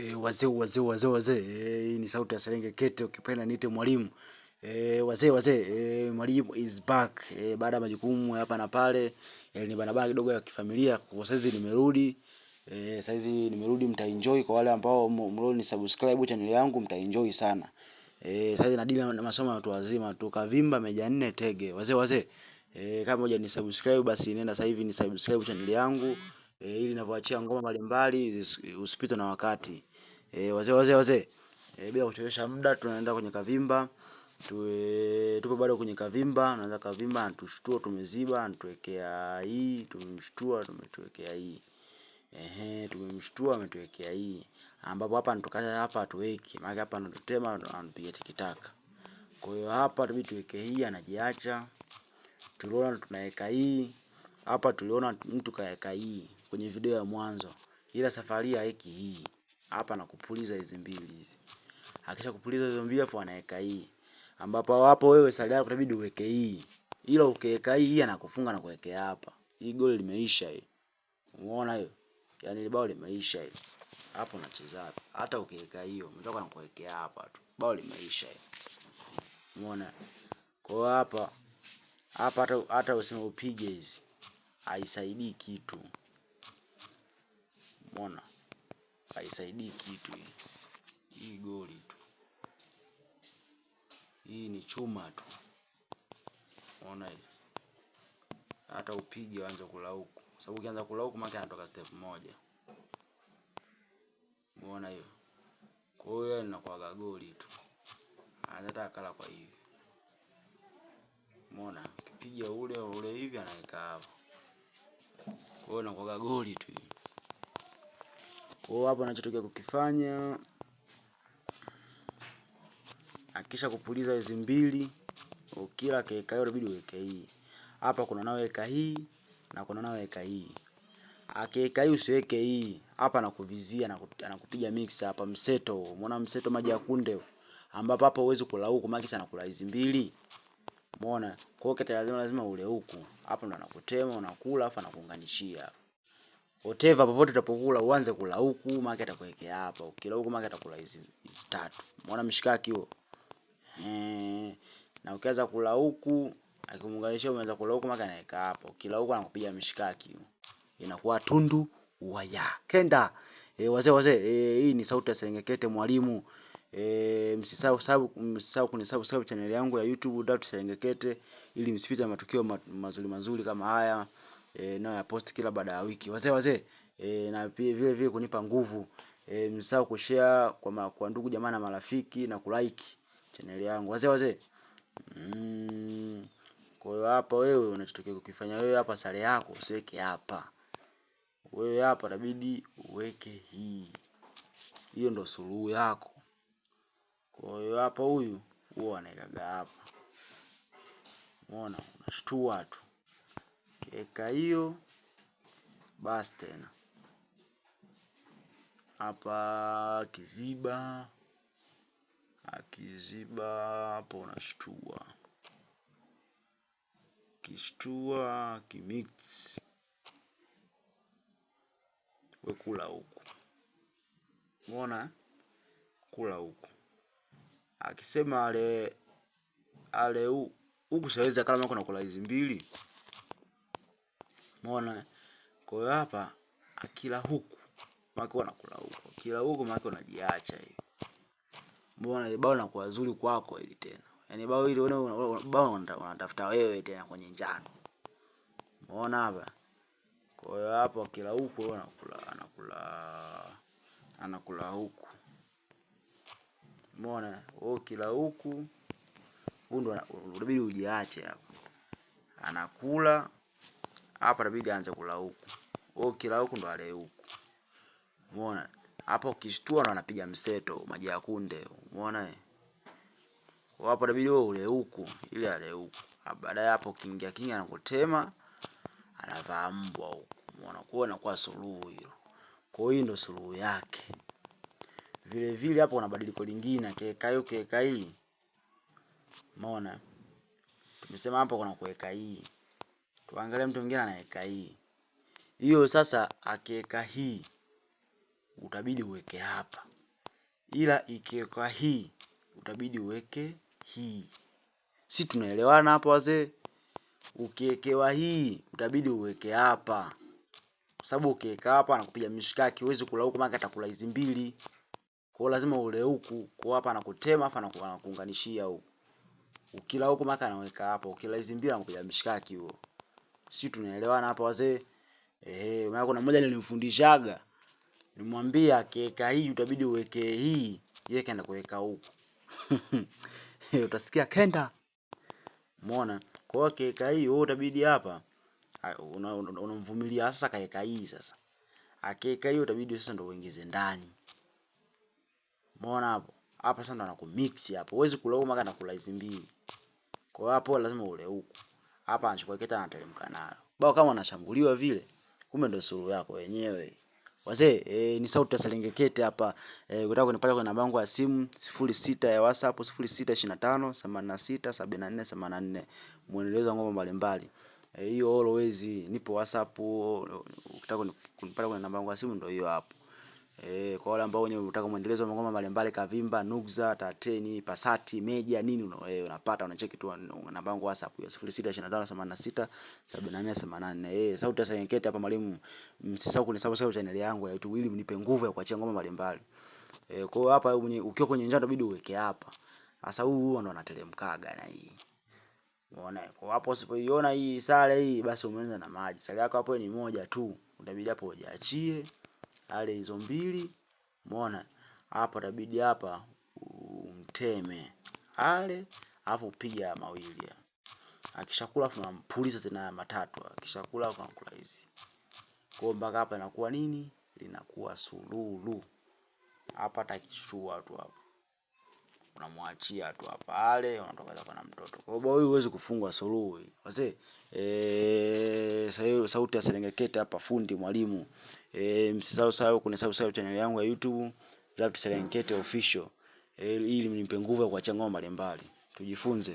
E, wazee wazee wazee wazee. Eh, hii e, ni sauti ya Serengekete, ukipenda niite mwalimu. E, wazee wazee, e, mwalimu is back. E, baada ya majukumu hapa na pale, e, ni bana bana kidogo ya kifamilia. Kwa sasa nimerudi. E, saizi nimerudi, mtaenjoy kwa wale ambao mlio ni subscribe channel yangu mtaenjoy sana. E, saizi na deal na masomo ya watu wazima tu Kavimba Meja Nne Tege. Wazee wazee. E, kama moja ni subscribe basi nenda sasa hivi ni subscribe channel yangu e, ili ninavyoachia ngoma mbalimbali usipitwe na wakati. E, wazee wazee wazee e, bila kuchelewesha muda tunaenda kwenye kavimba tuwe, tupo bado kwenye kavimba. Naanza kavimba, anatushtua tumeziba, anatuwekea hii, tumemshtua tumetuwekea hii ehe, tumemshtua ametuwekea hii, ambapo hapa anatokana hapa atuweke, maana hapa anatutema, anapiga tikitaka. Kwa hiyo hapa tubidi tuweke hii, anajiacha tuliona tunaweka hii hapa tuliona mtu kaeka hii kwenye video ya mwanzo, ila safari haeki hii hapa, na kupuliza hizi mbili hizi. Akisha kupuliza hizo mbili, afu anaeka hii, ambapo hapo wewe sala yako itabidi uweke hii, ila ukiweka hii hii anakufunga na kuwekea hapa. Hii goli limeisha hii, umeona hiyo? Yani bao limeisha hii. Hapo unacheza hapa, hata ukiweka hiyo mzako anakuwekea hapa tu, bao limeisha hii, umeona? Kwa hapa hapa hata hata useme upige hizi haisaidii kitu. Umeona? Haisaidii kitu hii. Hii goli tu. Hii ni chuma tu. Umeona hii? Hata upige uanze kulauku. Sababu ukianza kulauku maki anatoka step moja. Umeona hiyo? Kwa hiyo inakuwaga goli tu. Anataka kala kwa hivi. Umeona? Ukipiga ule ule hivi anaweka hapo. Kwa hiyo nakuwa goli tu. Kwa hiyo hapo anachotokea kukifanya akisha kupuliza hizi mbili, ukila keka hiyo inabidi uweke hii. Hapa kuna nao weka hii na kuna nao weka hii. Akiweka hii usiweke hii. Hapa anakuvizia anakupiga mix hapa mseto. Umeona mseto maji ya kunde ambapo hapo uwezi kula huku maki sana kula hizi mbili. Umeona? Kwa hiyo kete lazima lazima ule huku. Hapo ndo anakutema unakula afa anakuunganishia. Whatever popote utapokula uanze kula huku, maki atakuwekea hapa. Ukila huku maki atakula hizi hizi tatu. Umeona mshikaki huo? Eh. Na ukianza kula huku akimuunganishia umeanza kula huku maki anaweka hapo. Kila huku anakupiga mshikaki. Inakuwa tundu waya. Kenda. E, wazee wazee, e, hii ni sauti ya Serengekete mwalimu. E, msisahau msisahau kunisubscribe channel yangu ya YouTube Daudi Serengekete ili msipite matukio mazuri mazuri kama haya e, eh, na ya post kila baada ya wiki. Wazee wazee e, na pia vile vile kunipa nguvu e, msisahau kushare kwa, ma, kwa ndugu jamaa na marafiki na kulike channel yangu. Wazee wazee mm, kwa hiyo hapa wewe unachotokea kukifanya wewe hapa, sare yako usiweke hapa, wewe hapa inabidi uweke hii. Hiyo ndo suluhu yako. Kwa hiyo hapa huyu huwa anaekaga hapa. Unaona, unashtua tu. keka hiyo basi tena. Hapa akiziba akiziba hapo unashtua. kishtua kimix. wekula huku. mona Kula huku akisema ale ale huku saweza kama kuna kola hizi mbili. Umeona? Kwa hiyo hapa akila huku maki anakula huku Akila huku maki unajiacha hivi. Mbona bao linakuwa zuri kwako ili tena. yani bao hili wewe bao unatafuta wewe tena kwenye njano. Umeona hapa? Kwa hiyo hapo akila huku anakula anakula anakula huku. Umeona? Wewe kila huku huyu ndo unabidi ujiache hapo. Anakula hapa inabidi aanze kula huku. Wewe kila huku ndo ale huku. Umeona? Hapa ukishtua ndo anapiga mseto maji ya kunde. Umeona? Hapo inabidi wewe ule huku ili ale huku. Baadaye hapo ukiingia kingi anakutema anavaa mbwa huku. Umeona? Kwa hiyo inakuwa suluhu hilo. Kwa hiyo ndo suluhu yake. Vile vile hapa kuna badiliko lingine kuweka hiyo kuweka hii. Umeona? Tumesema hapa kuna kuweka hii. Tuangalie mtu mwingine anaweka hii. Hiyo sasa akiweka hii utabidi uweke hapa. Ila ikiweka hii utabidi uweke hii. Si tunaelewana hapo wazee? Ukiwekewa hii utabidi uweke hapa. Kwa sababu ukiweka hapa anakupiga mishikaki, huwezi kula maana atakula hizi mbili. Kwa lazima ule huku kwa hapa na kutema hapa na kuunganishia huku. Ukila huku maka anaweka hapo, ukila hizi mbili anakuja mshikaki huo. Sisi tunaelewana hapa wazee. Ehe, maana kuna mmoja nilimfundishaga. Nimwambia akiweka hii utabidi uweke hii, yeye kaenda kuweka huku. Eh, utasikia kenda. Umeona? Kwa hiyo akiweka hii wewe utabidi hapa unamvumilia una, una sasa kaeka hii sasa. Akiweka hii utabidi sasa ndo uingize ndani. Umeona hapo? Hapa sasa ndo anakumix hapo. Huwezi kulaumu maka kula hizi mbili. Kwa hiyo hapo lazima ule huko. Hapa anachukua kitu anateremka nayo. Bao kama anashambuliwa vile, kumbe ndo suru yako wenyewe. Wazee, e, ni sauti ya Serengeti hapa. E, eh, unataka kunipata kwa namba yangu ya simu 06 ya WhatsApp 0625 Muendelezo wa ngoma mbalimbali. E, hiyo always nipo WhatsApp. Unataka kunipata kwa namba yangu ya simu ndio hiyo hapo. Eh, kwa wale ambao wenye unataka muendelezo wa ngoma mbalimbali Kavimba, Nugza, Tateni, Pasati, Meja nini una, e, unapata unacheki tu namba yangu WhatsApp ya 0625867484. Eh, sauti ya Senkete hapa mwalimu. Msisahau kunisubscribe channel yangu ya YouTube ili mnipe nguvu ya kuachia ngoma mbalimbali. Eh, kwa hiyo hapa ukiwa kwenye njia inabidi uweke hapa. Sasa huu huwa ndo anateremkaga na hii. Unaona, kwa hapo usipoiona hii sare hii basi umeanza na maji. Sare yako hapo ni moja tu. Utabidi hapo ujaachie ale hizo mbili, umeona hapo, tabidi hapa umteme ale, alafu upiga mawili, akishakula afu unampuliza tena ya matatu, akishakula afu unakula hizi. Kwa mpaka hapa inakuwa nini? Linakuwa sululu hapa, takishua tu hapa unamwachia tu pale, unatoka zako na mtoto. Kwa hiyo huyu huwezi kufungwa suluhu. Wazee, eh, sauti ya Serengeti hapa fundi mwalimu. Eh, msisahau sahau kuna subscribe channel yangu ya YouTube Draft Serengeti Official. Eh, ili mnipe nguvu ya kuachia ngoma mbalimbali. Tujifunze.